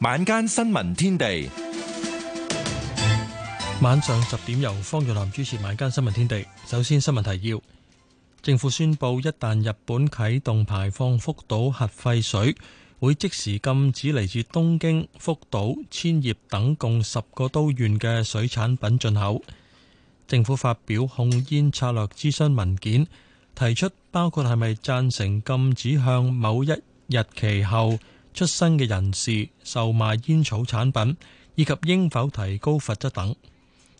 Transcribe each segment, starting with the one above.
晚間新聞天地，晚上十點由方玉琳主持晚間新聞天地。首先新聞提要：政府宣布，一旦日本啟動排放福島核廢水，會即時禁止嚟自東京、福島、千葉等共十個都縣嘅水產品進口。政府發表控煙策略諮詢文件，提出包括係咪贊成禁止向某一日期後。出生嘅人士售賣煙草產品以及應否提高罰則等，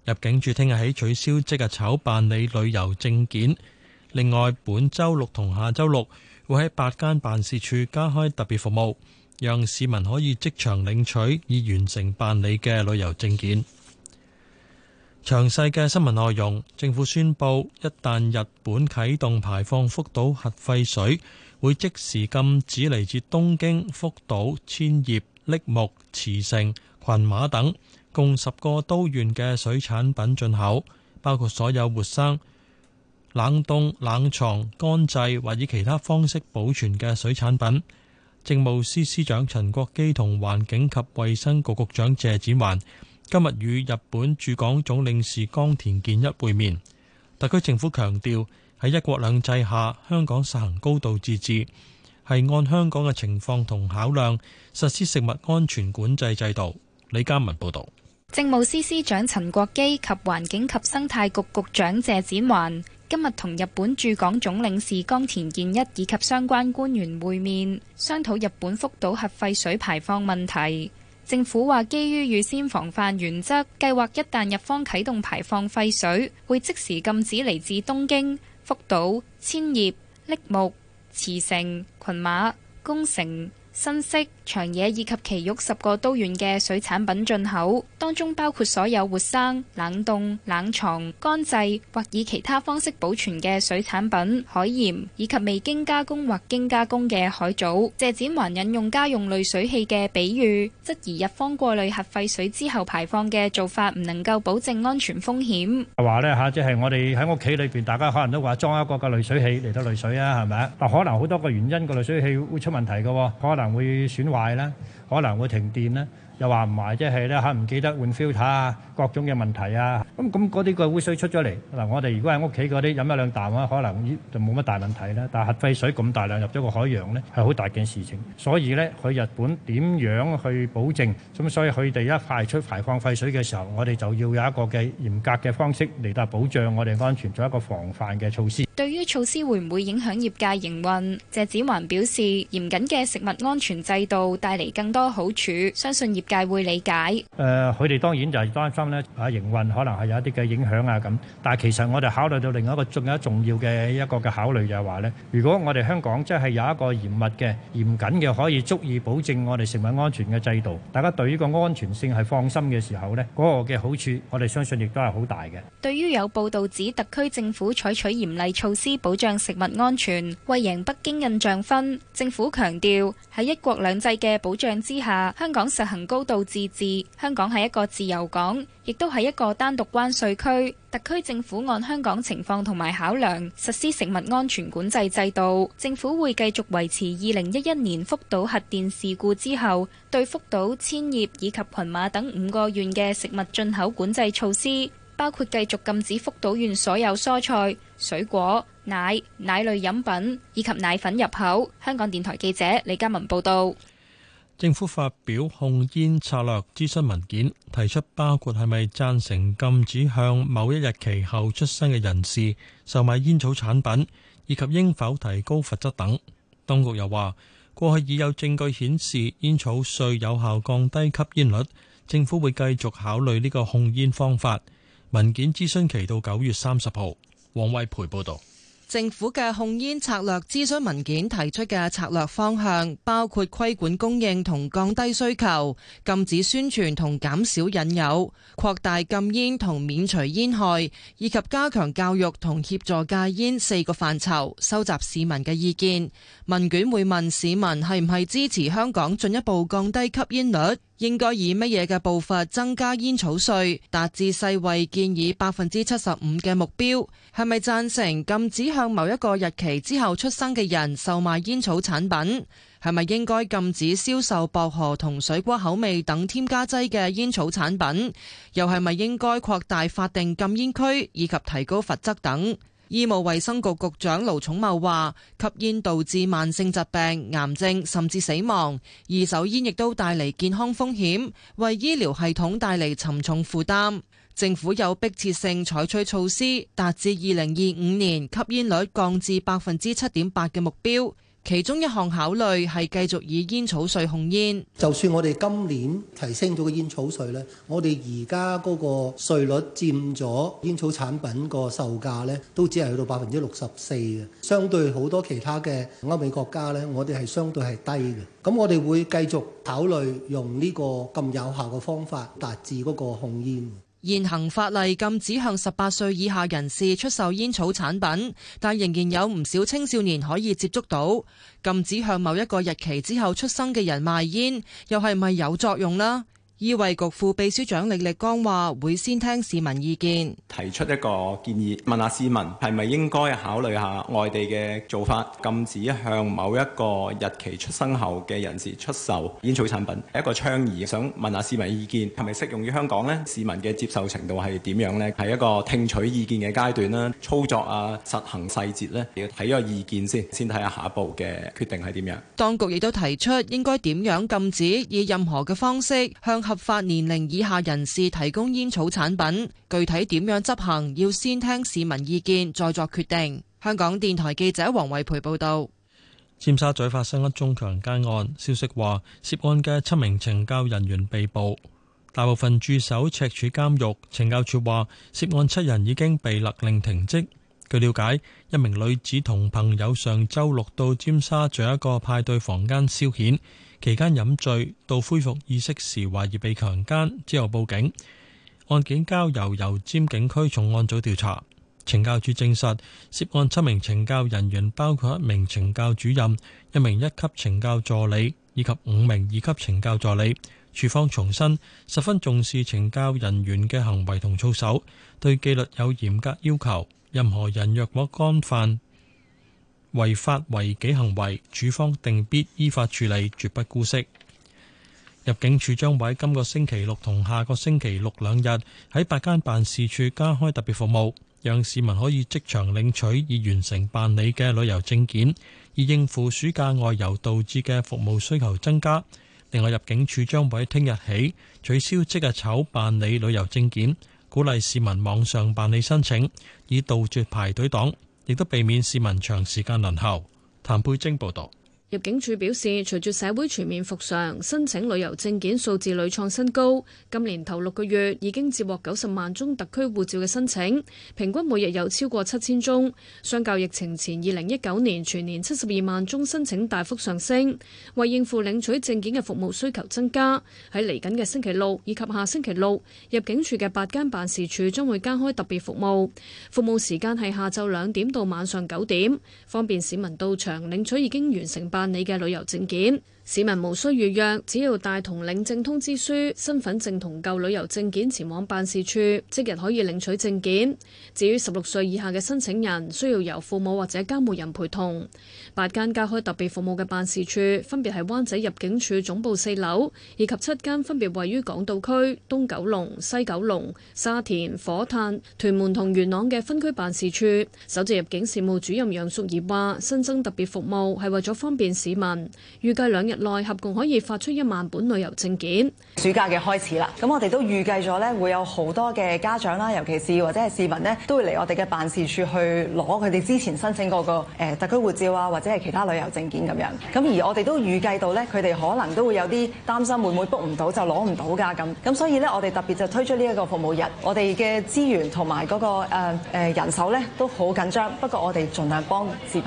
入境處聽日起取消即日籌辦理旅遊證件。另外，本周六同下周六會喺八間辦事處加開特別服務，讓市民可以即場領取已完成辦理嘅旅遊證件。詳細嘅新聞內容，政府宣布一旦日本啟動排放福島核廢水，會即時禁止嚟自東京、福島、千葉、櫪木、茨城、群馬等，共十個都縣嘅水產品進口，包括所有活生、冷凍、冷藏、乾製或以其他方式保存嘅水產品。政務司司長陳國基同環境及衛生局局長謝展寰，今日與日本駐港總領事岡田健一會面。特區政府強調，喺一國兩制下，香港實行高度自治，係按香港嘅情況同考量實施食物安全管制制度。李嘉文報導。政務司司長陳國基及環境及生態局局長謝展環今日同日本駐港總領事岡田健一以及相關官員會面，商討日本福島核廢水排放問題。政府話，基於預先防範原則，計劃一旦日方啟動排放廢水，會即時禁止嚟自東京、福島、千葉、栃木、茨城、群馬、宮城、新潟、長野以及埼玉十個都縣嘅水產品進口，當中包括所有活生、冷凍、冷藏、乾製或以其他方式保存嘅水產品、海鹽以及未經加工或經加工嘅海藻。借展還引用家用濾水器嘅比喻，質疑日方過濾核廢水之後排放嘅做法唔能夠保證安全風險。話呢，嚇，即係我哋喺屋企裏邊，大家可能都話裝一個個濾水器嚟到濾水啊，係咪啊？但可能好多個原因個濾水器會出問題嘅，可能。會損壞啦，可能會停電啦。又話唔埋，即係咧嚇唔記得換 filter 啊，各種嘅問題啊，咁咁嗰啲個污水出咗嚟嗱，我哋如果喺屋企嗰啲飲一兩啖啦，可能就冇乜大問題啦。但係核廢水咁大量入咗個海洋呢，係好大件事情。所以呢，佢日本點樣去保證？咁所以佢哋一排出排放廢水嘅時候，我哋就要有一個嘅嚴格嘅方式嚟到保障我哋安全，做一個防範嘅措施。對於措施會唔會影響業界營運？謝展寰表示，嚴謹嘅食物安全制度帶嚟更多好處，相信業。界會理解，誒，佢哋當然就係擔心咧，啊營運可能係有一啲嘅影響啊咁。但係其實我哋考慮到另一個更加重要嘅一個嘅考慮就係話咧，如果我哋香港即係有一個嚴密嘅、嚴謹嘅，可以足以保證我哋食物安全嘅制度，大家對呢個安全性係放心嘅時候咧，嗰個嘅好處，我哋相信亦都係好大嘅。對於有報道指特區政府採取嚴厲措施保障食物安全，為贏北京印象分，政府強調喺一國兩制嘅保障之下，香港實行高高度自治香港係一個自由港亦都係一個單獨關稅區特區政府按香港情況同埋考量實施食物安全管制制度政府會繼續維持2011政府發表控煙策略諮詢文件，提出包括係咪贊成禁止向某一日期後出生嘅人士售賣煙草產品，以及應否提高罰則等。當局又話，過去已有證據顯示煙草稅有效降低吸煙率，政府會繼續考慮呢個控煙方法。文件諮詢期到九月三十號。王威培報導。政府嘅控煙策略諮詢文件提出嘅策略方向包括規管供應同降低需求、禁止宣傳同減少引誘、擴大禁煙同免除煙害，以及加強教育同協助戒煙四個範疇，收集市民嘅意見。問卷會問市民係唔係支持香港進一步降低吸煙率。應該以乜嘢嘅步伐增加煙草稅，達至世衛建議百分之七十五嘅目標？係咪贊成禁止向某一個日期之後出生嘅人售賣煙草產品？係咪應該禁止銷售薄荷同水果口味等添加劑嘅煙草產品？又係咪應該擴大法定禁煙區，以及提高罰則等？醫務衛生局局長盧寵茂話：吸煙導致慢性疾病、癌症甚至死亡，二手煙亦都帶嚟健康風險，為醫療系統帶嚟沉重負擔。政府有迫切性採取措施，達至二零二五年吸煙率降至百分之七點八嘅目標。其中一項考慮係繼續以煙草稅控煙。就算我哋今年提升咗個煙草稅呢，我哋而家嗰個稅率佔咗煙草產品個售價呢，都只係去到百分之六十四嘅。相對好多其他嘅歐美國家呢，我哋係相對係低嘅。咁我哋會繼續考慮用呢個咁有效嘅方法達至嗰個控煙。現行法例禁止向十八歲以下人士出售煙草產品，但仍然有唔少青少年可以接觸到，禁止向某一個日期之後出生嘅人賣煙，又係咪有作用呢？醫衛局副秘書長李力剛話，會先聽市民意見，提出一個建議，問下市民係咪應該考慮下外地嘅做法，禁止向某一個日期出生後嘅人士出售煙草產品，一個倡議，想問下市民意見，係咪適用於香港呢？市民嘅接受程度係點樣呢？係一個聽取意見嘅階段啦，操作啊，實行細節呢，要睇個意見先，先睇下下一步嘅決定係點樣。當局亦都提出應該點樣禁止，以任何嘅方式向合法年齡以下人士提供煙草產品，具體點樣執行，要先聽市民意見再作決定。香港電台記者黃慧培報道。尖沙咀發生一宗強姦案，消息話涉案嘅七名懲教人員被捕，大部分駐守赤柱監獄懲教署話，涉案七人已經被勒令停職。據了解，一名女子同朋友上周六到尖沙咀一個派對房間消遣。期間飲醉，到恢復意識時，懷疑被強奸，之後報警。案件交由油尖違法違紀行為，處方定必依法處理，絕不姑息。入境處將會喺今個星期六同下個星期六兩日喺八間辦事處加開特別服務，讓市民可以即場領取已完成辦理嘅旅遊證件，以應付暑假外遊導致嘅服務需求增加。另外，入境處將會喺聽日起取消即日籌辦理旅遊證件，鼓勵市民網上辦理申請，以杜絕排隊黨。亦都避免市民長時間輪候。譚佩晶報道。入境處表示，隨住社會全面復常，申請旅遊證件數字屢創新高。今年頭六個月已經接獲九十萬宗特區護照嘅申請，平均每日有超過七千宗，相較疫情前二零一九年全年七十二萬宗申請大幅上升。為應付領取證件嘅服務需求增加，喺嚟緊嘅星期六以及下星期六，入境處嘅八間辦事處將會加開特別服務，服務時間係下晝兩點到晚上九點，方便市民到場領取已經完成。你嘅旅遊證件。市民無需預約，只要帶同領證通知書、身份證同舊旅遊證件前往辦事處，即日可以領取證件。至於十六歲以下嘅申請人，需要由父母或者監護人陪同。八間加開特別服務嘅辦事處，分別係灣仔入境處總部四樓，以及七間分別位於港島區、東九龍、西九龍、沙田、火炭、屯門同元朗嘅分區辦事處。首席入境事務主任楊淑儀話，新增特別服務係為咗方便市民，預計兩日內合共可以發出一萬本旅遊證件。暑假嘅開始啦，咁我哋都預計咗咧，會有好多嘅家長啦，尤其是或者係市民咧，都會嚟我哋嘅辦事處去攞佢哋之前申請過嘅特區護照啊，或者係其他旅遊證件咁樣。咁而我哋都預計到咧，佢哋可能都會有啲擔心，會唔會 book 唔到就攞唔到㗎咁。咁所以咧，我哋特別就推出呢一個服務日，我哋嘅資源同埋嗰個誒人手咧都好緊張，不過我哋盡量幫市民。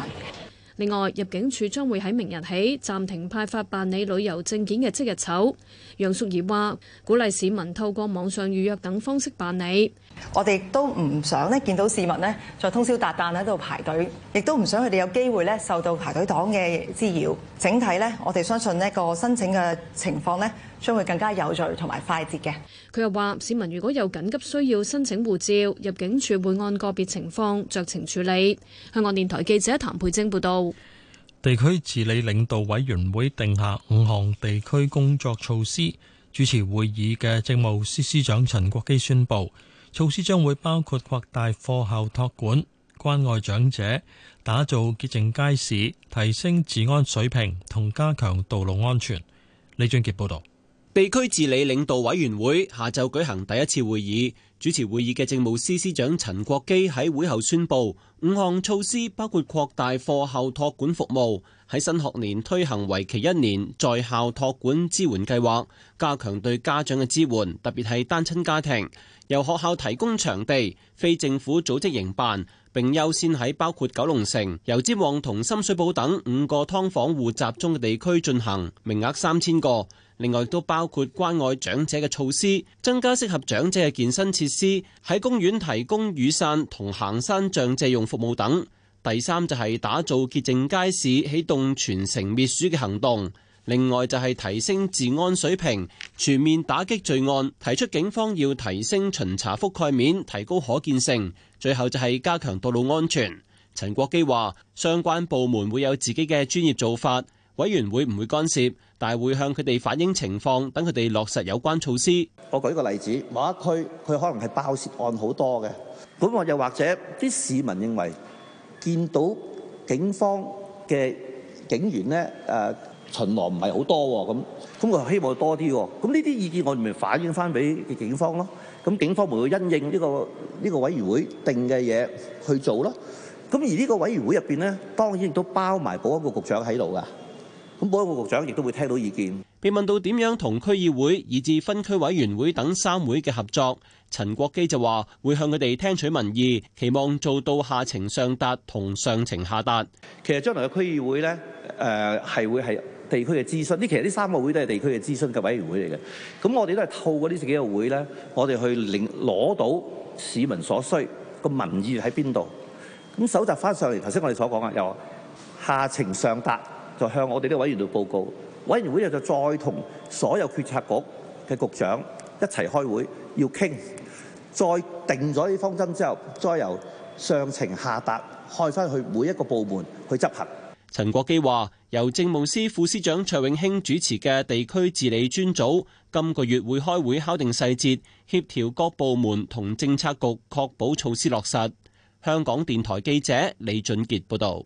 另外，入境處將會喺明日起暫停派發辦理旅遊證件嘅即日籌。楊淑儀話，鼓勵市民透過網上預約等方式辦理。我哋亦都唔想呢見到市民呢在通宵達旦喺度排隊，亦都唔想佢哋有機會呢受到排隊黨嘅滋擾。整體呢，我哋相信呢個申請嘅情況呢將會更加有序同埋快捷嘅。佢又話市民如果有緊急需要申請護照，入境處會按個別情況酌情處理。香港電台記者譚佩晶報道。地區治理領導委員會定下五項地區工作措施。主持會議嘅政務司司長陳國基宣布。措施將會包括擴大課後托管、關愛長者、打造潔淨街市、提升治安水平同加強道路安全。李俊傑報導，地區治理領導委員會下晝舉行第一次會議。主持會議嘅政務司司長陳國基喺會後宣佈五項措施，包括擴大課後託管服務，喺新學年推行為期一年在校託管支援計劃，加強對家長嘅支援，特別係單親家庭，由學校提供場地，非政府組織營辦，並優先喺包括九龍城、油尖旺同深水埗等五個劏房戶集中嘅地區進行，名額三千個。另外都包括關愛長者嘅措施，增加適合長者嘅健身設施，喺公園提供雨傘同行山杖借用服務等。第三就係打造潔淨街市，啟動全城滅鼠嘅行動。另外就係提升治安水平，全面打擊罪案，提出警方要提升巡查覆蓋面，提高可見性。最後就係加強道路安全。陳國基話：相關部門會有自己嘅專業做法，委員會唔會干涉。大會向佢哋反映情況，等佢哋落實有關措施。我舉個例子，某一區佢可能係爆竊案好多嘅，咁我又或者啲市民認為見到警方嘅警員咧，誒，巡邏唔係好多咁，咁我希望多啲。咁呢啲意見我咪反映翻俾警方咯。咁警方咪會因應呢個呢個委員會定嘅嘢去做咯。咁而呢個委員會入邊咧，當然亦都包埋保安局局長喺度噶。咁保安局局長亦都會聽到意見。被問到點樣同區議會以至分區委員會等三會嘅合作，陳國基就話會向佢哋聽取民意，期望做到下情上達同上情下達。其實將來嘅區議會咧，誒、呃、係會係地區嘅諮詢，呢其實呢三個會都係地區嘅諮詢嘅委員會嚟嘅。咁我哋都係透過呢幾個會咧，我哋去領攞到市民所需個民意喺邊度。咁搜集翻上嚟，頭先我哋所講啊，有下情上達。就向我哋啲委員度報告，委員會又就再同所有決策局嘅局長一齊開會，要傾，再定咗啲方針之後，再由上情下達，開翻去每一個部門去執行。陳國基話：由政務司副司長卓永興主持嘅地區治理專組，今個月會開會敲定細節，協調各部門同政策局確保措施落實，香港電台記者李俊傑報道。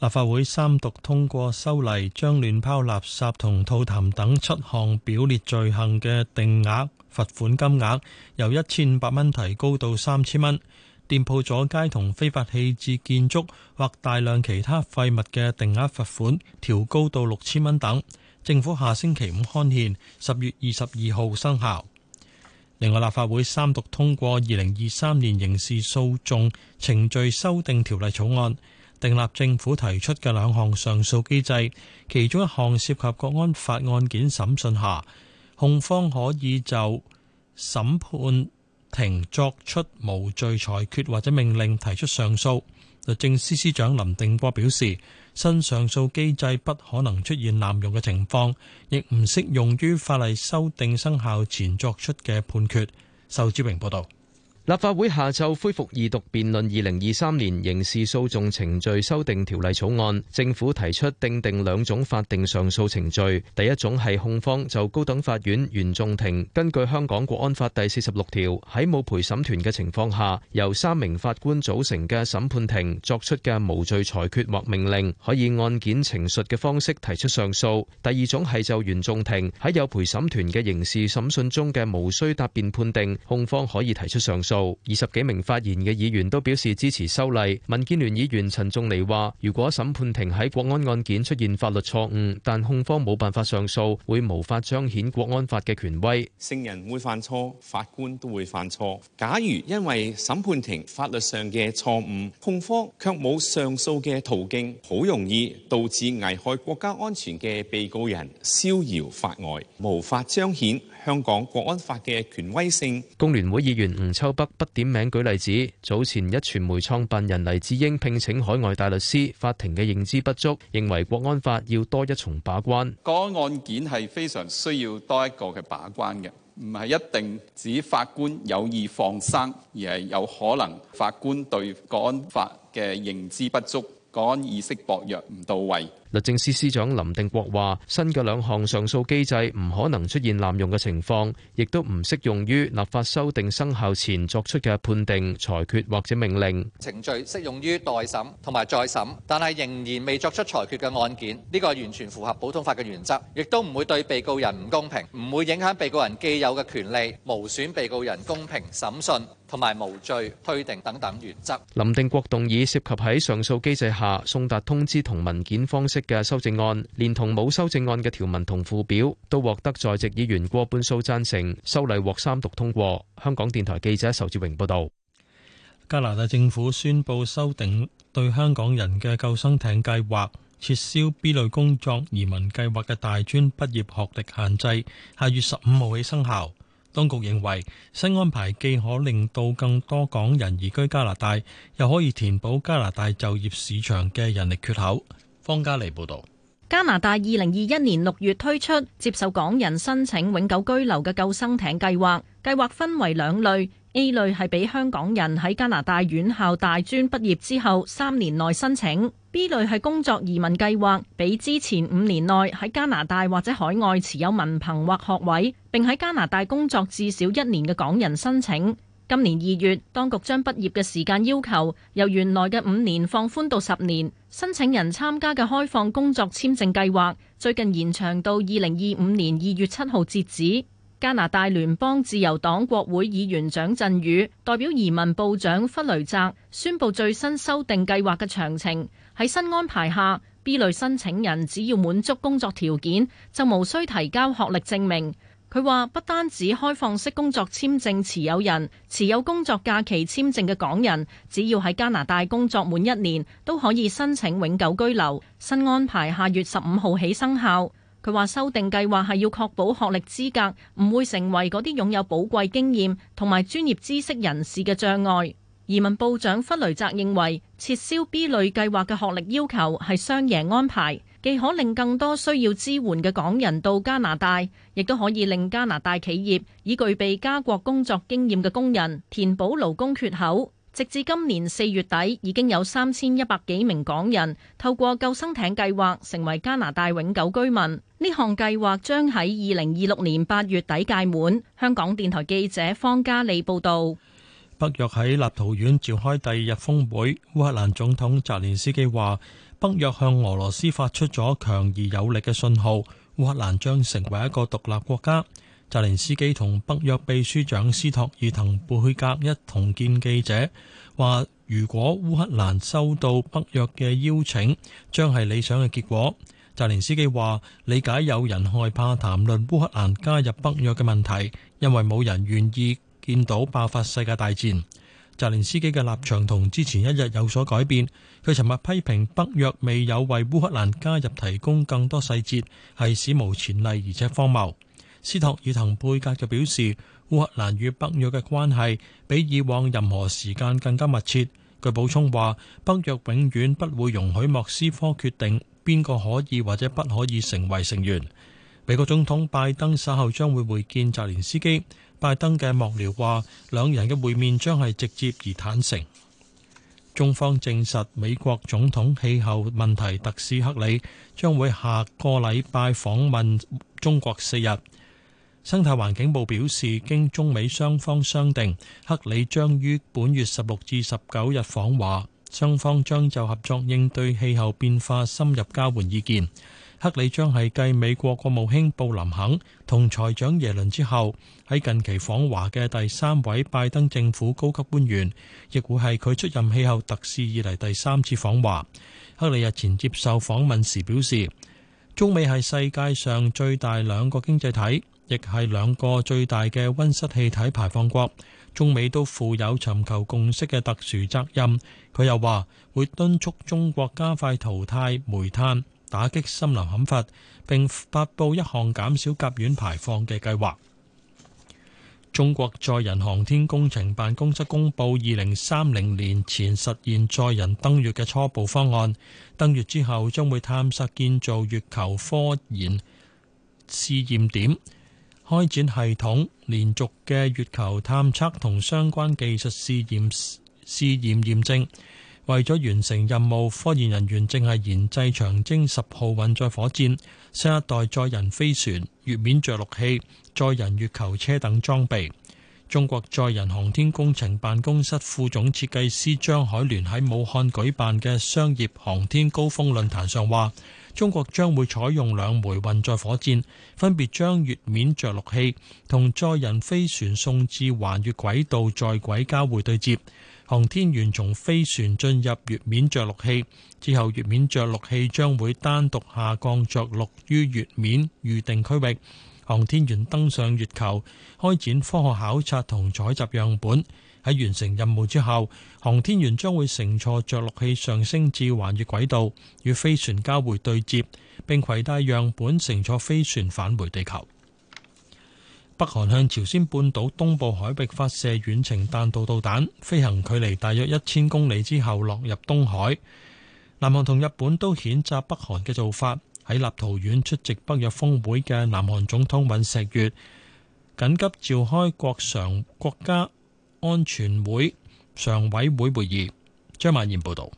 立法會三讀通過修例，將亂拋垃圾同吐痰等七項表列罪行嘅定額罰款金額由一千五百蚊提高到三千蚊，店鋪阻街同非法棄置建築或大量其他廢物嘅定額罰款調高到六千蚊等。政府下星期五刊憲，十月二十二號生效。另外，立法會三讀通過《二零二三年刑事訴訟程序修訂條例草案》。訂立政府提出嘅兩項上訴機制，其中一項涉及國安法案件審訊下，控方可以就審判庭作出無罪裁決或者命令提出上訴。律政司司長林定國表示，新上訴機制不可能出現濫用嘅情況，亦唔適用於法例修訂生效前作出嘅判決。仇志榮報道。立法會下晝恢復二讀辯論《二零二三年刑事訴訟程序修訂條例草案》，政府提出訂定兩種法定上訴程序。第一種係控方就高等法院原訟庭根據香港國安法第四十六條，喺冇陪審團嘅情況下，由三名法官組成嘅審判庭作出嘅無罪裁決或命令，可以案件呈述嘅方式提出上訴。第二種係就原訟庭喺有陪審團嘅刑事審訊中嘅無需答辯判定，控方可以提出上訴。二十幾名發言嘅議員都表示支持修例。民建聯議員陳仲尼話，如果審判庭喺國安案件出現法律錯誤，但控方冇辦法上訴，會無法彰顯國安法嘅權威。聖人會犯錯，法官都會犯錯。假如因為審判庭法律上嘅錯誤，控方卻冇上訴嘅途徑，好容易導致危害國家安全嘅被告人逍遙法外，無法彰顯，香港《國安法》嘅權威性，工聯會議員吳秋北不點名舉例子，早前一傳媒創辦人黎智英聘請海外大律師，法庭嘅認知不足，認為《國安法》要多一重把關。個案件係非常需要多一個嘅把關嘅，唔係一定指法官有意放生，而係有可能法官對《國安法》嘅認知不足，國安意識薄弱，唔到位。律政司司長林定國話，新嘅兩項上訴機制唔可能出現濫用嘅情況，亦都唔適用於立法修訂生效前作出嘅判定、裁決或者命令。程序適用於待審同埋再審，但係仍然未作出裁決嘅案件，呢個完全符合普通法嘅原則，亦都唔會對被告人唔公平，唔會影響被告人既有嘅權利，無損被告人公平、審訊，同埋無罪推定等等原則。林定國嘅修正案，連同冇修正案嘅條文同附表，都獲得在席議員過半數贊成，修例獲三讀通過。香港電台記者仇志榮報道。加拿大政府宣布修訂對香港人嘅救生艇計劃，撤銷 B 類工作移民計劃嘅大專畢業學歷限制，下月十五號起生效。當局認為新安排既可令到更多港人移居加拿大，又可以填補加拿大就業市場嘅人力缺口。方家利報道：加拿大二零二一年六月推出接受港人申請永久居留嘅救生艇計劃，計劃分為兩類。A 類係俾香港人喺加拿大院校大專畢業之後三年內申請；B 類係工作移民計劃，俾之前五年內喺加拿大或者海外持有文憑或學位，並喺加拿大工作至少一年嘅港人申請。今年二月，當局將畢業嘅時間要求由原來嘅五年放寬到十年。申請人參加嘅開放工作簽證計劃最近延長到二零二五年二月七號截止。加拿大聯邦自由黨國會議員蔣振宇代表移民部長弗雷澤宣布最新修訂計劃嘅詳情。喺新安排下，B 類申請人只要滿足工作條件，就無需提交學歷證明。佢話：不單止開放式工作簽證持有人、持有工作假期簽證嘅港人，只要喺加拿大工作滿一年，都可以申請永久居留。新安排下月十五號起生效。佢話修訂計劃係要確保學歷資格唔會成為嗰啲擁有寶貴經驗同埋專業知識人士嘅障礙。移民部長弗雷澤認為，撤銷 B 類計劃嘅學歷要求係雙贏安排。既可令更多需要支援嘅港人到加拿大，亦都可以令加拿大企業以具備加國工作經驗嘅工人填補勞工缺口。直至今年四月底，已經有三千一百幾名港人透過救生艇計劃成為加拿大永久居民。呢項計劃將喺二零二六年八月底屆滿。香港電台記者方嘉莉報道。北約喺立陶宛召開第二日峰會，烏克蘭總統澤連斯基話。北約向俄羅斯發出咗強而有力嘅信號，烏克蘭將成為一個獨立國家。澤連斯基同北約秘書長斯托爾滕貝格一同見記者，話如果烏克蘭收到北約嘅邀請，將係理想嘅結果。澤連斯基話理解有人害怕談論烏克蘭加入北約嘅問題，因為冇人願意見到爆發世界大戰。澤連斯基嘅立場同之前一日有所改變。佢尋日批評北約未有為烏克蘭加入提供更多細節，係史無前例而且荒謬。斯托爾滕貝格就表示，烏克蘭與北約嘅關係比以往任何時間更加密切。佢補充話，北約永遠不會容許莫斯科決定邊個可以或者不可以成為成員。美國總統拜登稍後將會會見澤連斯基。拜登嘅幕僚話，兩人嘅會面將係直接而坦誠。中方證實，美國總統氣候問題特使克里將會下個禮拜訪問中國四日。生態環境部表示，經中美雙方商定，克里將於本月十六至十九日訪華，雙方將就合作應對氣候變化深入交換意見。克里將係繼美國國務卿布林肯同財長耶倫之後，喺近期訪華嘅第三位拜登政府高級官員，亦會係佢出任氣候特使以嚟第三次訪華。克里日前接受訪問時表示，中美係世界上最大兩個經濟體，亦係兩個最大嘅溫室氣體排放國，中美都負有尋求共識嘅特殊責任。佢又話會敦促中國加快淘汰煤炭。打擊森林砍伐，並發布一項減少甲烷排放嘅計劃。中國載人航天工程辦公室公布，二零三零年前實現載人登月嘅初步方案。登月之後，將會探索建造月球科研試驗點，開展系統連續嘅月球探測同相關技術試驗試驗驗證。為咗完成任務，科研人員正係研製長征十號運載火箭、新一代載人飛船、月面着陸器、載人月球車等裝備。中國載人航天工程辦公室副總設計師張海聯喺武漢舉辦嘅商業航天高峰論壇上話，中國將會採用兩枚運載火箭，分別將月面着陸器同載人飛船送至環月軌道，在軌交會對接。航天員從飛船進入月面着陸器，之後，月面着陸器將會單獨下降着陸於月面預定區域。航天員登上月球開展科學考察同採集樣本。喺完成任務之後，航天員將會乘坐着陸器上升至環月軌道，與飛船交會對接，並携帶樣本乘坐飛船返回地球。北韓向朝鮮半島東部海域發射遠程彈道導彈，飛行距離大約一千公里之後落入東海。南韓同日本都譴責北韓嘅做法。喺立陶宛出席北約峰會嘅南韓總統尹錫悅，緊急召開國常國家安全會常委會會議。張萬賢報道。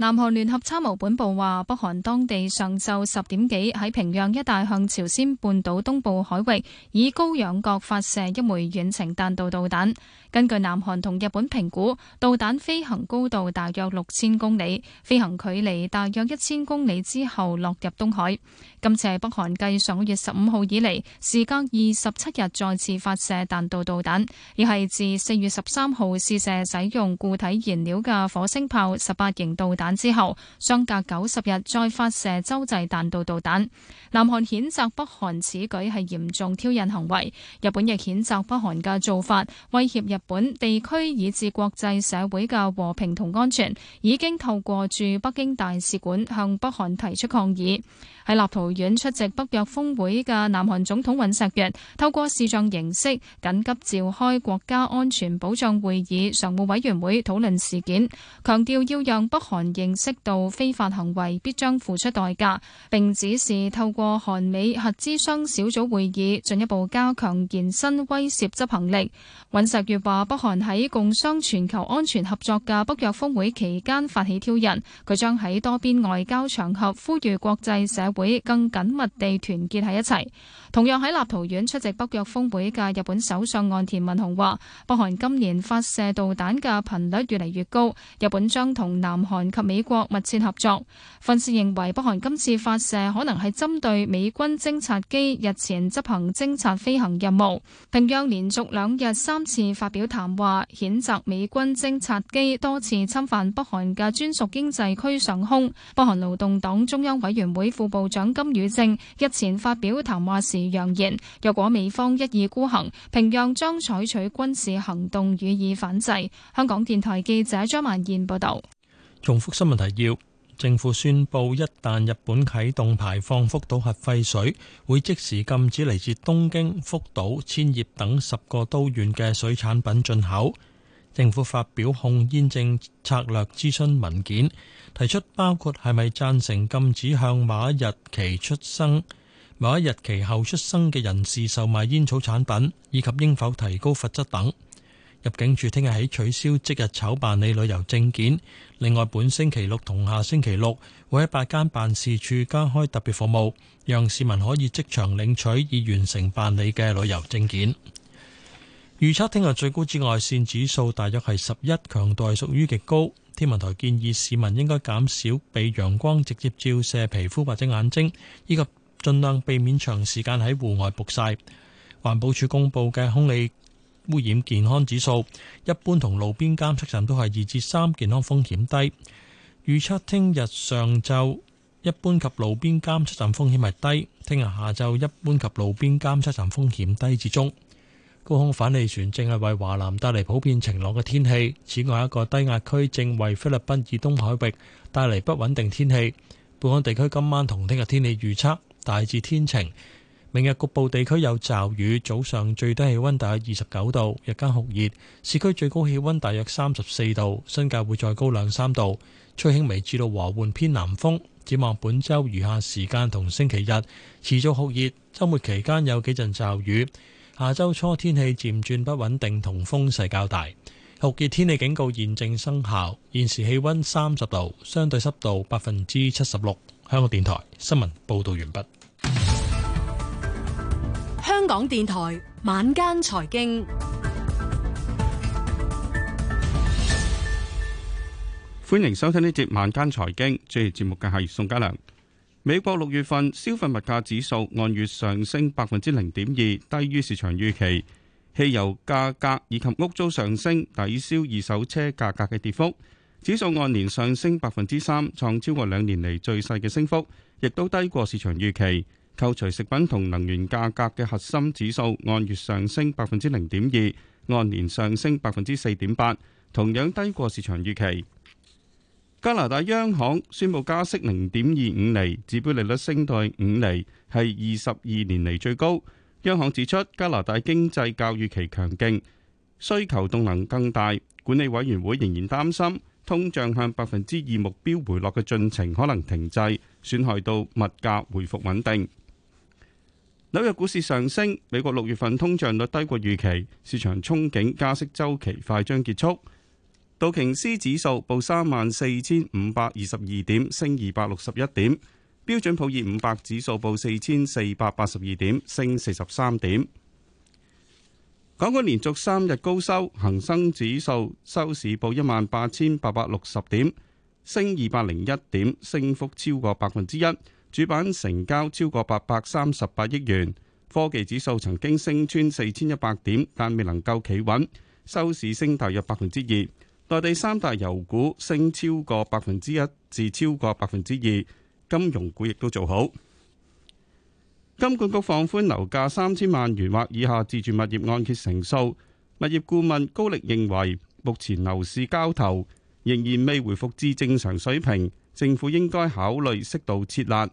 南韓聯合參謀本部話，北韓當地上晝十點幾喺平壤一帶向朝鮮半島東部海域，以高仰角發射一枚遠程彈道導彈。根據南韓同日本評估，導彈飛行高度大約六千公里，飛行距離大約一千公里之後落入東海。今次係北韓繼上個月十五號以嚟，時隔二十七日再次發射彈道導彈，亦係自四月十三號試射使用固體燃料嘅火星炮十八型導彈之後，相隔九十日再發射洲際彈道導彈。南韓譴責北韓此舉係嚴重挑釁行為，日本亦譴責北韓嘅做法威脅日本地區以至國際社會嘅和平同安全，已經透過駐北京大使館向北韓提出抗議，喺立陶院出席北約峰會嘅南韓總統尹錫悦透過視像形式緊急召開國家安全保障會議常務委員會討論事件，強調要讓北韓認識到非法行為必將付出代價，並指示透過韓美核谘商小組會議進一步加強延伸威懾執行力。尹錫悦話：北韓喺共商全球安全合作嘅北約峰會期間發起挑釁，佢將喺多邊外交場合呼籲國際社會更。緊密地團結喺一齊。同樣喺立陶宛出席北約峰會嘅日本首相岸田文雄話，北韓今年發射導彈嘅頻率越嚟越高，日本將同南韓及美國密切合作。分析認為，北韓今次發射可能係針對美軍偵察機日前執行偵察飛行任務，並約連續兩日三次發表談話，譴責美軍偵察機多次侵犯北韓嘅專屬經濟區上空。北韓勞動黨中央委員會副部長金與正日前發表談話時揚言，若果美方一意孤行，平壤將採取軍事行動予以反制。香港電台記者張萬燕報道。重複新聞提要：政府宣布，一旦日本啟動排放福島核廢水，會即時禁止來自東京、福島、千葉等十個都縣嘅水產品進口。政府發表控煙政策略諮詢文件，提出包括係咪贊成禁止向某一日期出生、某一日期後出生嘅人士售賣煙草產品，以及應否提高罰則等。入境處聽日起取消即日籌辦理旅遊證件。另外，本星期六同下星期六會喺八間辦事處加開特別服務，讓市民可以即場領取已完成辦理嘅旅遊證件。預測聽日最高紫外線指數大約係十一，強度屬於極高。天文台建議市民應該減少被陽光直接照射皮膚或者眼睛，以及盡量避免長時間喺戶外曝曬。環保署公布嘅空氣污染健康指數，一般同路邊監測站都係二至三，健康風險低。預測聽日上晝一般及路邊監測站風險係低，聽日下晝一般及路邊監測站風險低至中。高空反氣旋正係為華南帶嚟普遍晴朗嘅天氣。此外，一個低壓區正為菲律賓以東海域帶嚟不穩定天氣。本港地區今晚同聽日天氣預測大致天晴，明日局部地區有驟雨。早上最低氣溫大約二十九度，日間酷熱，市區最高氣溫大約三十四度，新界會再高兩三度。吹輕微至到和緩偏南風。展望本周餘下時間同星期日持續酷熱，周末期間有幾陣驟雨。下周初天氣漸轉不穩定，同風勢較大。酷熱天氣警告現正生效。現時氣溫三十度，相對濕度百分之七十六。香港電台新聞報道完畢。香港電台晚間財經，歡迎收聽呢節晚間財經。主持節目嘅係宋嘉良。美國六月份消費物價指數按月上升百分之零點二，低於市場預期。汽油價格以及屋租上升抵消二手車價格嘅跌幅，指數按年上升百分之三，創超過兩年嚟最細嘅升幅，亦都低過市場預期。扣除食品同能源價格嘅核心指數按月上升百分之零點二，按年上升百分之四點八，同樣低過市場預期。加拿大央行宣布加息零點二五厘，指標利率升到五厘，係二十二年嚟最高。央行指出，加拿大經濟較預期強勁，需求動能更大。管理委員會仍然擔心通脹向百分之二目標回落嘅進程可能停滯，損害到物價回復穩定。紐約股市上升，美國六月份通脹率低過預期，市場憧憬加息周期快將結束。道瓊斯指數報三萬四千五百二十二點，升二百六十一點；標準普爾五百指數報四千四百八十二點，升四十三點。港股連續三日高收，恒生指數收市報一萬八千八百六十點，升二百零一點，升幅超過百分之一。主板成交超過八百三十八億元。科技指數曾經升穿四千一百點，但未能夠企穩，收市升大約百分之二。內地三大油股升超過百分之一至超過百分之二，金融股亦都做好。金管局放寬樓價三千萬元或以下自住物業按揭成數。物業顧問高力認為，目前樓市交投仍然未回復至正常水平，政府應該考慮適度撤辣。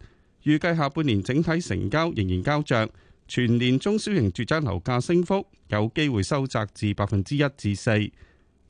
預計下半年整體成交仍然膠着，全年中小型住宅樓價升幅有機會收窄至百分之一至四。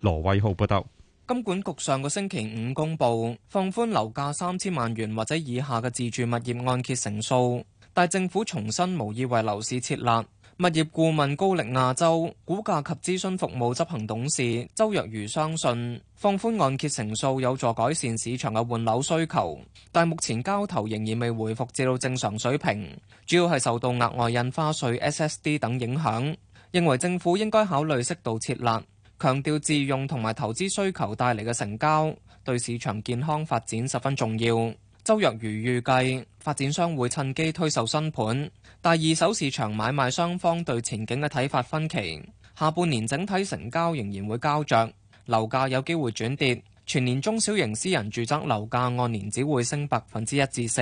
羅偉浩報道，金管局上個星期五公布放寬樓價三千萬元或者以下嘅自住物業按揭成數，但政府重申無意為樓市設立。物業顧問高力亞洲估價及諮詢服務執行董事周若如相信放寬按揭成數有助改善市場嘅換樓需求，但目前交投仍然未回復至到正常水平，主要係受到額外印花稅 SSD 等影響，認為政府應該考慮適度設立。強調自用同埋投資需求帶嚟嘅成交，對市場健康發展十分重要。周若如預計，發展商會趁機推售新盤，但二手市場買賣雙方對前景嘅睇法分歧，下半年整體成交仍然會膠著，樓價有機會轉跌。全年中小型私人住宅樓價按年只會升百分之一至四。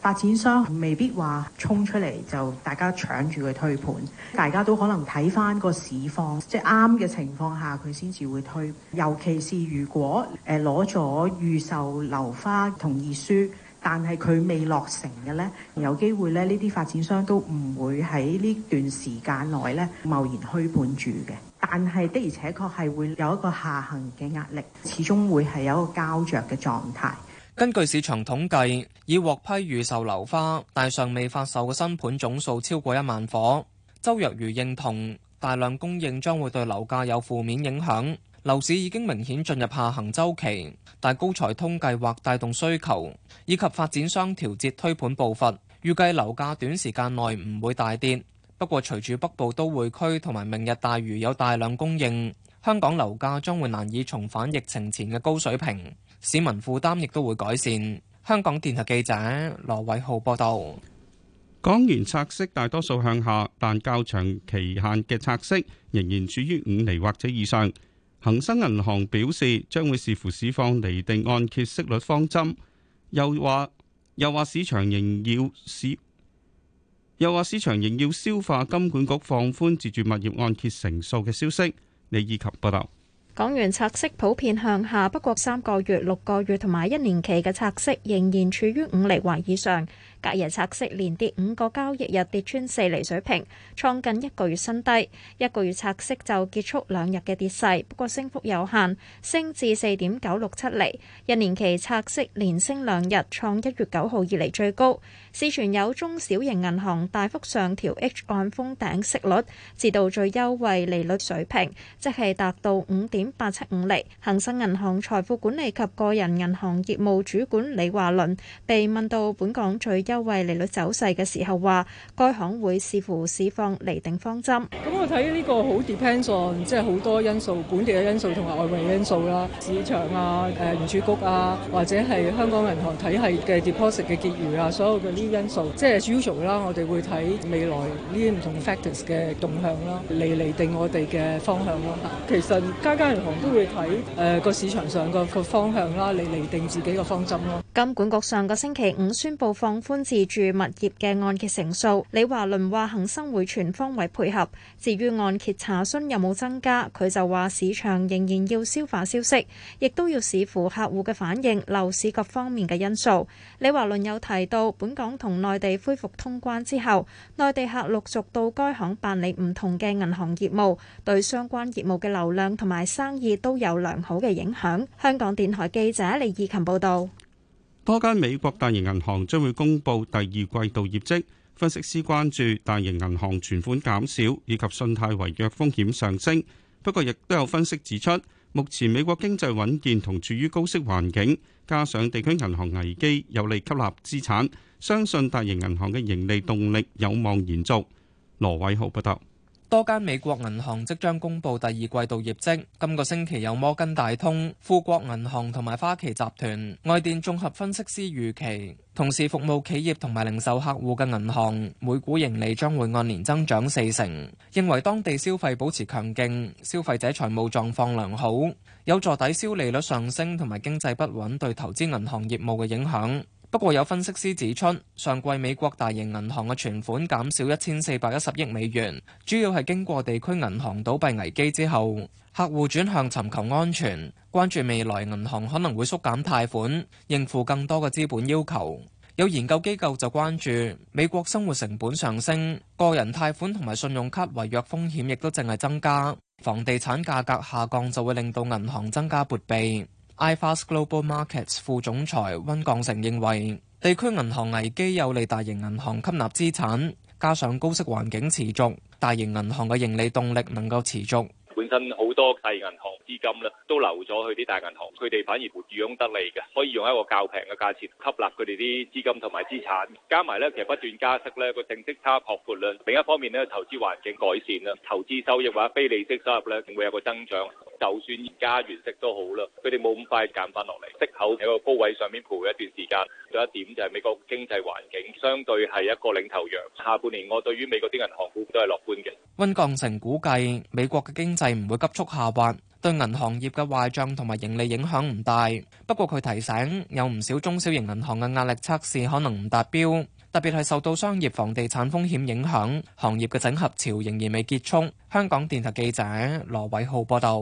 發展商未必話衝出嚟就大家搶住去推盤，大家都可能睇返個市況，即係啱嘅情況下佢先至會推。尤其是如果誒攞咗預售樓花同意書。但係佢未落成嘅呢，有機會咧，呢啲發展商都唔會喺呢段時間內咧，貿然開盤住嘅。但係的而且確係會有一個下行嘅壓力，始終會係有一個膠着嘅狀態。根據市場統計，已獲批預售樓花，但尚未發售嘅新盤總數超過一萬夥。周若如認同，大量供應將會對樓價有負面影響。樓市已經明顯進入下行周期，但高才通計劃帶動需求，以及發展商調節推盤步伐，預計樓價短時間內唔會大跌。不過，隨住北部都會區同埋明日大嶼有大量供應，香港樓價將會難以重返疫情前嘅高水平，市民負擔亦都會改善。香港電台記者羅偉浩報道。港元拆息大多數向下，但較長期限嘅拆息仍然處於五厘或者以上。恒生銀行表示將會視乎市況厘定按揭息率方針，又話又話市場仍要市，又話市場仍要消化金管局放寬自住物業按揭成數嘅消息。李以琴報道，港元拆息普遍向下，不過三個月、六個月同埋一年期嘅拆息仍然處於五厘或以上。隔夜拆息連跌五個交易日，跌穿四釐水平，創近一個月新低。一個月拆息就結束兩日嘅跌勢，不過升幅有限，升至四點九六七釐。一年期拆息連升兩日，創一月九號以嚟最高。市場有中小型銀行大幅上調 H 按封頂息率，至到最優惠利率水平，即係達到五點八七五釐。恒生銀行財富管理及個人銀行業務主管李華倫被問到本港最優惠利率走勢嘅時候，話該行會視乎市況釐定方針。咁我睇呢個好 depends on，即係好多因素，本地嘅因素同埋外圍因素啦，市場啊、誒聯儲局啊，或者係香港銀行體系嘅 deposit 嘅結餘啊，所有嘅呢啲因素，即係 usual 啦，我哋會睇未來呢啲唔同 factors 嘅動向啦，嚟釐定我哋嘅方向咯。其實家家銀行都會睇誒個市場上個個方向啦，嚟釐定自己嘅方針咯。金管局上個星期五宣布放寬。自住物業嘅按揭成數，李華倫話恒生會全方位配合。至於按揭查詢有冇增加，佢就話市場仍然要消化消息，亦都要視乎客戶嘅反應、樓市各方面嘅因素。李華倫有提到，本港同內地恢復通關之後，內地客陸續到該行辦理唔同嘅銀行業務，對相關業務嘅流量同埋生意都有良好嘅影響。香港電台記者李義琴報道。多間美國大型銀行將會公佈第二季度業績，分析師關注大型銀行存款減少以及信貸違約風險上升。不過，亦都有分析指出，目前美國經濟穩健同處於高息環境，加上地區銀行危機有利吸納資產，相信大型銀行嘅盈利動力有望延續。羅偉豪報道。多間美國銀行即將公布第二季度業績，今個星期有摩根大通、富國銀行同埋花旗集團。外電綜合分析師預期，同時服務企業同埋零售客戶嘅銀行每股盈利將會按年增長四成，認為當地消費保持強勁，消費者財務狀況良好，有助抵消利率上升同埋經濟不穩對投資銀行業務嘅影響。不過有分析師指出，上季美國大型銀行嘅存款減少一千四百一十億美元，主要係經過地區銀行倒閉危機之後，客戶轉向尋求安全，關注未來銀行可能會縮減貸款，應付更多嘅資本要求。有研究機構就關注美國生活成本上升，個人貸款同埋信用卡違約風險亦都淨係增加。房地產價格下降就會令到銀行增加撥備。iFAST Global Markets 副總裁溫鋼成認為，地區銀行危機有利大型銀行吸納資產，加上高息環境持續，大型銀行嘅盈利動力能夠持續。本身好多細銀行資金咧，都流咗去啲大銀行，佢哋反而活養得利嘅，可以用一個較平嘅價錢吸納佢哋啲資金同埋資產，加埋咧其實不斷加息咧個淨息差擴闊啦。另一方面咧，投資環境改善啦，投資收益或者非利息收入咧，會有個增長。就算而家完息都好啦，佢哋冇咁快減翻落嚟，息口喺個高位上面徘徊一段時間，仲有一點就係美國經濟環境相對係一個領頭羊，下半年我對於美國啲銀行股都係樂觀嘅。溫鋼城估計美國嘅經濟唔會急速下滑，對銀行業嘅壞賬同埋盈利影響唔大。不過，佢提醒有唔少中小型銀行嘅壓力測試可能唔達標。特別係受到商業房地產風險影響，行業嘅整合潮仍然未結束。香港電台記者羅偉浩報道，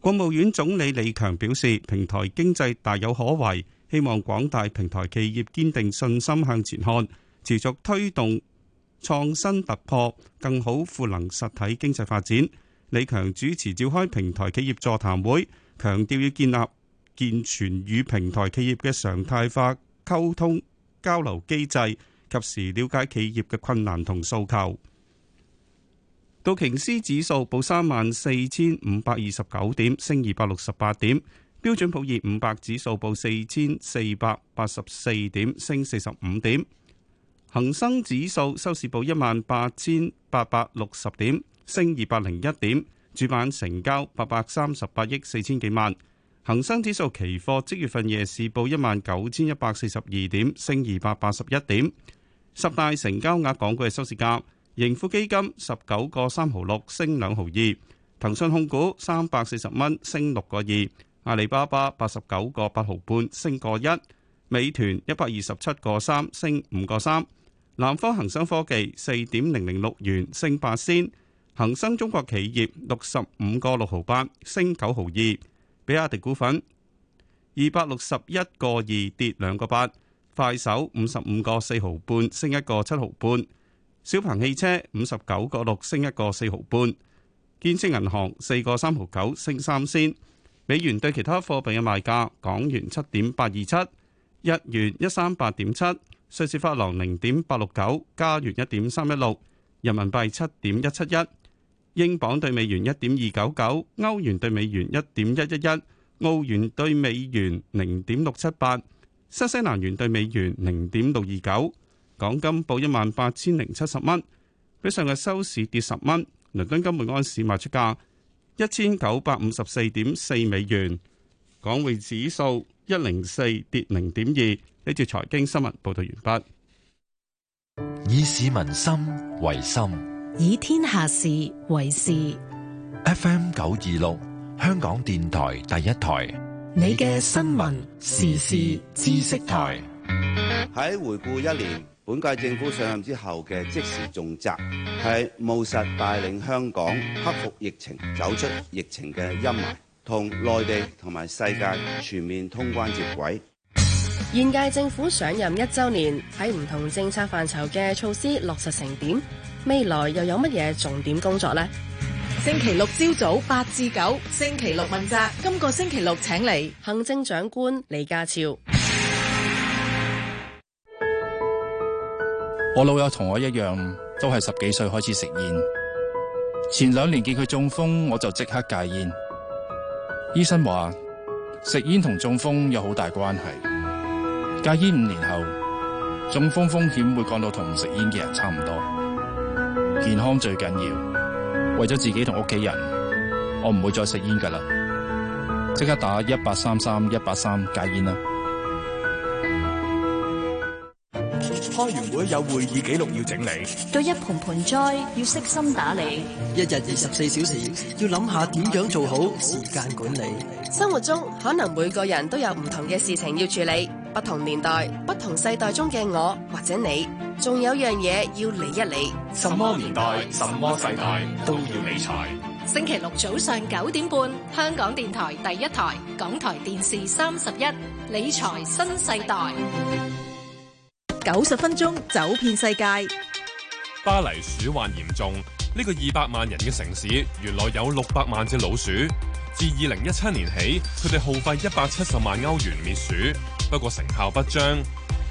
國務院總理李強表示，平台經濟大有可為，希望廣大平台企業堅定信心向前看，持續推動創新突破，更好賦能實體經濟發展。李強主持召開平台企業座談會，強調要建立健全與平台企業嘅常態化溝通。交流機制，及時了解企業嘅困難同訴求。道瓊斯指數報三萬四千五百二十九點，升二百六十八點，標準普爾五百指數報四千四百八十四點，升四十五點，恒生指數收市報一萬八千八百六十點，升二百零一點，主板成交八百三十八億四千幾萬。恒生指數期貨即月份夜市報一萬九千一百四十二點，升二百八十一點。十大成交額港股嘅收市價：盈富基金十九個三毫六，升兩毫二；騰訊控股三百四十蚊，升六個二；阿里巴巴八十九個八毫半，升個一；美團一百二十七個三，升五個三；南方恒生科技四點零零六元，升八仙；恒生中國企業六十五個六毫八，升九毫二。比亞迪股份二百六十一個二跌兩個八，快手五十五個四毫半升一個七毫半，小鵬汽車五十九個六升一個四毫半，建設銀行四個三毫九升三仙。美元對其他貨幣嘅賣價：港元七點八二七，日元一三八點七，瑞士法郎零點八六九，加元一點三一六，人民幣七點一七一。英鎊兌美元一點二九九，歐元兌美元一點一一一，澳元兌美元零點六七八，新西蘭元兌美元零點六二九。港金報一萬八千零七十蚊，比上日收市跌十蚊。倫敦金每安士賣出價一千九百五十四點四美元。港匯指數一零四跌零點二。呢次財經新聞報道完畢。以市民心為心。以天下事為事。FM 九二六，香港電台第一台。你嘅新聞時事知識台喺，回顧一年本屆政府上任之後嘅即時重責，係務實帶領香港克服疫情，走出疫情嘅陰霾，同內地同埋世界全面通關接軌。現屆政府上任一周年，喺唔同政策範疇嘅措施落實成點？未來又有乜嘢重點工作呢？星期六朝早，早八至九，星期六問責。今個星期六請嚟行政長官李家超。我老友同我一樣，都係十幾歲開始食煙。前兩年見佢中風，我就即刻戒煙。醫生話食煙同中風有好大關係。戒煙五年後，中風風險會降到同唔食煙嘅人差唔多。健康最緊要，為咗自己同屋企人，我唔會再食煙噶啦，即刻打一八三三一八三戒煙啦。開完會有會議記錄要整理，對一盆盆栽要悉心打理，一日二十四小時要諗下點樣做好時間管理。生活中可能每個人都有唔同嘅事情要處理。不同年代、不同世代中嘅我或者你，仲有樣嘢要理一理。什麼年代、什麼世代都要理財。星期六早上九點半，香港電台第一台、港台電視三十一，理財新世代，九十分鐘走遍世界。巴黎鼠患嚴重，呢、這個二百萬人嘅城市原來有六百萬隻老鼠。自二零一七年起，佢哋耗費一百七十萬歐元滅鼠。不過成效不彰，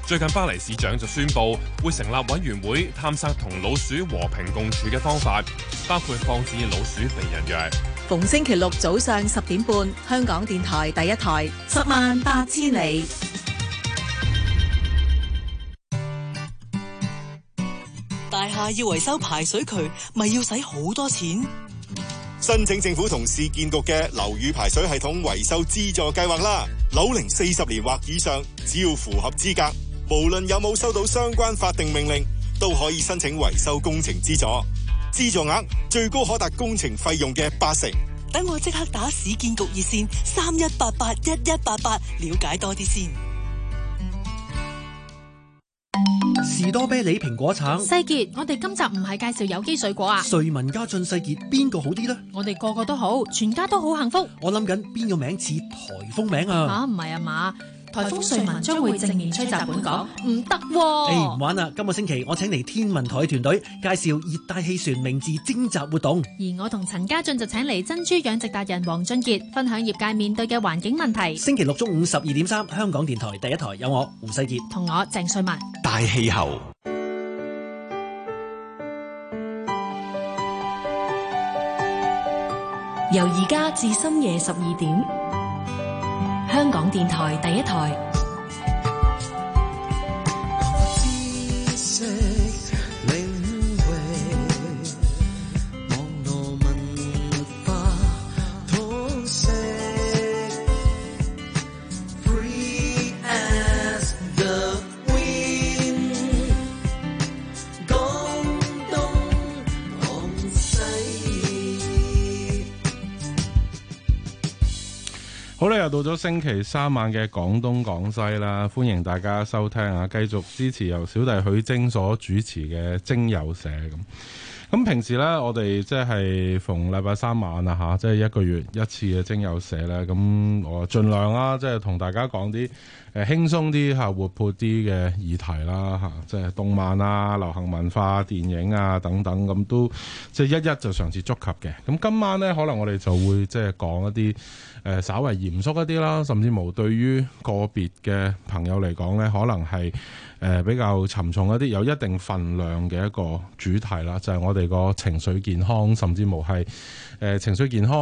最近巴黎市長就宣布會成立委員會，探索同老鼠和平共處嘅方法，包括放置老鼠避孕藥。逢星期六早上十點半，香港電台第一台，十萬八千里。大廈要維修排水渠，咪要使好多錢？申請政府同市建局嘅樓宇排水系統維修資助計劃啦，樓齡四十年或以上，只要符合資格，無論有冇收到相關法定命令，都可以申請維修工程資助，資助額最高可達工程費用嘅八成。等我即刻打市建局熱線三一八八一一八八，了解多啲先。士多啤梨蘋果橙，細傑，我哋今集唔係介紹有機水果啊！瑞文家俊細傑，邊個好啲咧？我哋個個都好，全家都好幸福。我諗緊邊個名似台風名啊？吓、啊，唔係啊嘛。颱風瑞文將會正面吹襲本港，唔得喎！誒，唔玩啦！今個星期我請嚟天文台嘅團隊介紹熱帶氣旋名字徵集活動，而我同陳家俊就請嚟珍珠養殖達人黃俊傑分享業界面對嘅環境問題。星期六中午十二點三，香港電台第一台有我胡世傑同我鄭瑞文，大氣候由而家至深夜十二點。香港電台第一台。好啦，又到咗星期三晚嘅廣東廣西啦，歡迎大家收聽啊！繼續支持由小弟許晶所主持嘅精友社咁。咁平時呢，我哋即係逢禮拜三晚啊吓，即係一個月一次嘅精友社咧。咁我盡量啦，即係同大家講啲。誒輕鬆啲吓活潑啲嘅議題啦吓，即係動漫啊、流行文化、啊、電影啊等等，咁都即係一一就嘗試觸及嘅。咁今晚咧，可能我哋就會即係講一啲誒稍微嚴肅一啲啦，甚至乎對於個別嘅朋友嚟講咧，可能係誒比較沉重一啲、有一定分量嘅一個主題啦，就係、是、我哋個情緒健康，甚至乎係誒情緒健康。